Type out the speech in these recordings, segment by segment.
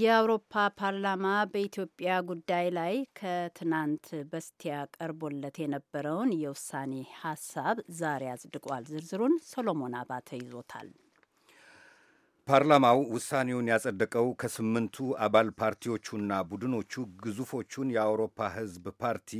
የአውሮፓ ፓርላማ በኢትዮጵያ ጉዳይ ላይ ከትናንት በስቲያ ቀርቦለት የነበረውን የውሳኔ ሀሳብ ዛሬ አጽድቋል። ዝርዝሩን ሶሎሞን አባተ ይዞታል። ፓርላማው ውሳኔውን ያጸደቀው ከስምንቱ አባል ፓርቲዎቹና ቡድኖቹ ግዙፎቹን የአውሮፓ ሕዝብ ፓርቲ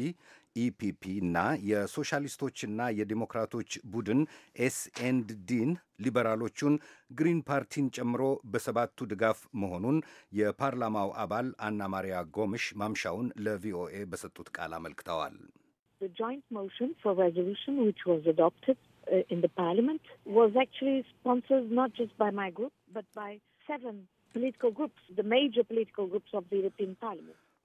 ኢፒፒ እና የሶሻሊስቶችና የዲሞክራቶች ቡድን ኤስኤንድዲን ዲን ሊበራሎቹን ግሪን ፓርቲን ጨምሮ በሰባቱ ድጋፍ መሆኑን የፓርላማው አባል አና ማሪያ ጎምሽ ማምሻውን ለቪኦኤ በሰጡት ቃል አመልክተዋል። ፖለቲካል ግሩፕስ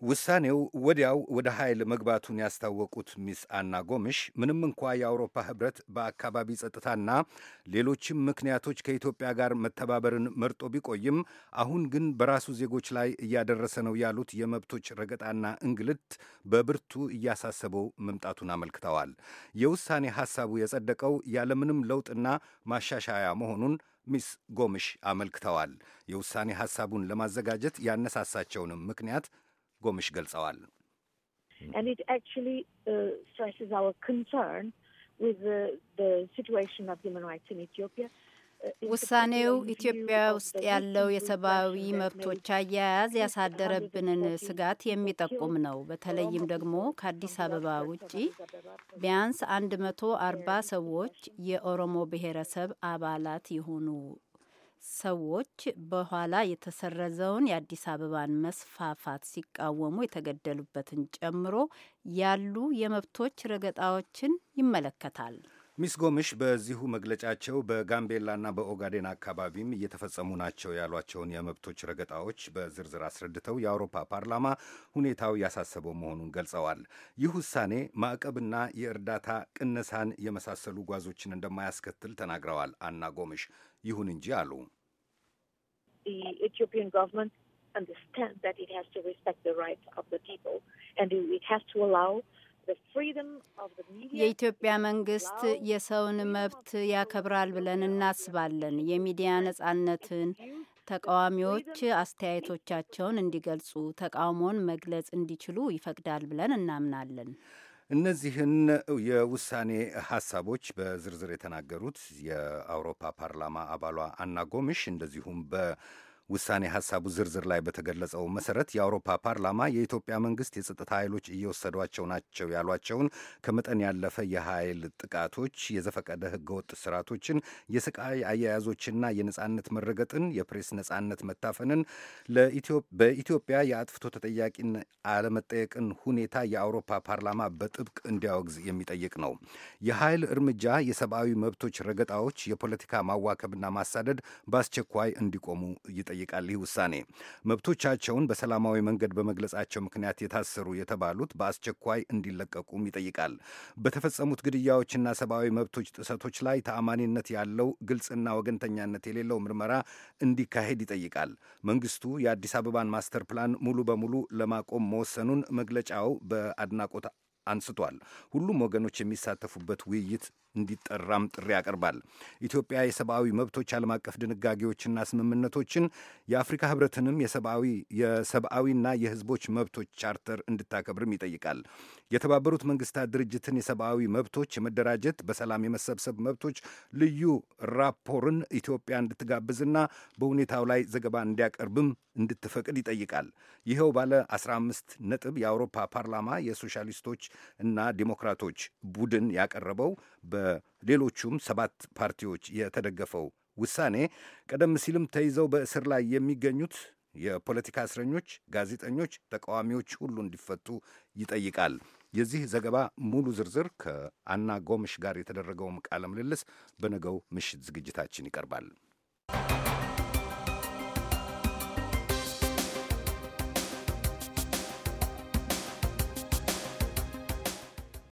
ውሳኔው ወዲያው ወደ ኃይል መግባቱን ያስታወቁት ሚስ አና ጎምሽ ምንም እንኳ የአውሮፓ ህብረት በአካባቢ ጸጥታና ሌሎችም ምክንያቶች ከኢትዮጵያ ጋር መተባበርን መርጦ ቢቆይም አሁን ግን በራሱ ዜጎች ላይ እያደረሰ ነው ያሉት የመብቶች ረገጣና እንግልት በብርቱ እያሳሰበው መምጣቱን አመልክተዋል። የውሳኔ ሐሳቡ የጸደቀው ያለምንም ለውጥና ማሻሻያ መሆኑን ሚስ ጎምሽ አመልክተዋል። የውሳኔ ሐሳቡን ለማዘጋጀት ያነሳሳቸውንም ምክንያት ጎምሽ ገልጸዋል። uh, uh, uh, ውሳኔው ኢትዮጵያ ውስጥ ያለው የሰብአዊ መብቶች አያያዝ ያሳደረብንን ስጋት የሚጠቁም ነው። በተለይም ደግሞ ከአዲስ አበባ ውጪ ቢያንስ መቶ አርባ ሰዎች የኦሮሞ ብሔረሰብ አባላት የሆኑ ሰዎች በኋላ የተሰረዘውን የአዲስ አበባን መስፋፋት ሲቃወሙ የተገደሉበትን ጨምሮ ያሉ የመብቶች ረገጣዎችን ይመለከታል። ሚስ ጎምሽ በዚሁ መግለጫቸው በጋምቤላና በኦጋዴን አካባቢም እየተፈጸሙ ናቸው ያሏቸውን የመብቶች ረገጣዎች በዝርዝር አስረድተው የአውሮፓ ፓርላማ ሁኔታው ያሳሰበው መሆኑን ገልጸዋል። ይህ ውሳኔ ማዕቀብና የእርዳታ ቅነሳን የመሳሰሉ ጓዞችን እንደማያስከትል ተናግረዋል። አና ጎምሽ ይሁን እንጂ አሉ የኢትዮጵያ መንግስት የሰውን መብት ያከብራል ብለን እናስባለን። የሚዲያ ነጻነትን ተቃዋሚዎች አስተያየቶቻቸውን እንዲገልጹ፣ ተቃውሞን መግለጽ እንዲችሉ ይፈቅዳል ብለን እናምናለን። እነዚህን የውሳኔ ሀሳቦች በዝርዝር የተናገሩት የአውሮፓ ፓርላማ አባሏ አና ጎምሽ እንደዚሁም በ ውሳኔ ሐሳቡ ዝርዝር ላይ በተገለጸው መሰረት የአውሮፓ ፓርላማ የኢትዮጵያ መንግስት የጸጥታ ኃይሎች እየወሰዷቸው ናቸው ያሏቸውን ከመጠን ያለፈ የኃይል ጥቃቶች፣ የዘፈቀደ ህገወጥ ስርዓቶችን፣ የስቃይ አያያዞችና የነጻነት መረገጥን፣ የፕሬስ ነጻነት መታፈንን፣ በኢትዮጵያ የአጥፍቶ ተጠያቂን አለመጠየቅን ሁኔታ የአውሮፓ ፓርላማ በጥብቅ እንዲያወግዝ የሚጠይቅ ነው። የኃይል እርምጃ፣ የሰብአዊ መብቶች ረገጣዎች፣ የፖለቲካ ማዋከብና ማሳደድ በአስቸኳይ እንዲቆሙ ይጠይቃል። ይጠይቃል። ይህ ውሳኔ መብቶቻቸውን በሰላማዊ መንገድ በመግለጻቸው ምክንያት የታሰሩ የተባሉት በአስቸኳይ እንዲለቀቁም ይጠይቃል። በተፈጸሙት ግድያዎችና ሰብአዊ መብቶች ጥሰቶች ላይ ተአማኒነት ያለው ግልጽና ወገንተኛነት የሌለው ምርመራ እንዲካሄድ ይጠይቃል። መንግስቱ የአዲስ አበባን ማስተር ፕላን ሙሉ በሙሉ ለማቆም መወሰኑን መግለጫው በአድናቆት አንስቷል። ሁሉም ወገኖች የሚሳተፉበት ውይይት እንዲጠራም ጥሪ ያቀርባል። ኢትዮጵያ የሰብአዊ መብቶች ዓለም አቀፍ ድንጋጌዎችና ስምምነቶችን የአፍሪካ ህብረትንም የሰብአዊና የህዝቦች መብቶች ቻርተር እንድታከብርም ይጠይቃል። የተባበሩት መንግስታት ድርጅትን የሰብአዊ መብቶች የመደራጀት በሰላም የመሰብሰብ መብቶች ልዩ ራፖርን ኢትዮጵያ እንድትጋብዝና በሁኔታው ላይ ዘገባ እንዲያቀርብም እንድትፈቅድ ይጠይቃል። ይኸው ባለ 15 ነጥብ የአውሮፓ ፓርላማ የሶሻሊስቶች እና ዲሞክራቶች ቡድን ያቀረበው በሌሎቹም ሰባት ፓርቲዎች የተደገፈው ውሳኔ ቀደም ሲልም ተይዘው በእስር ላይ የሚገኙት የፖለቲካ እስረኞች፣ ጋዜጠኞች፣ ተቃዋሚዎች ሁሉ እንዲፈቱ ይጠይቃል። የዚህ ዘገባ ሙሉ ዝርዝር ከአና ጎምሽ ጋር የተደረገውም ቃለ ምልልስ በነገው ምሽት ዝግጅታችን ይቀርባል።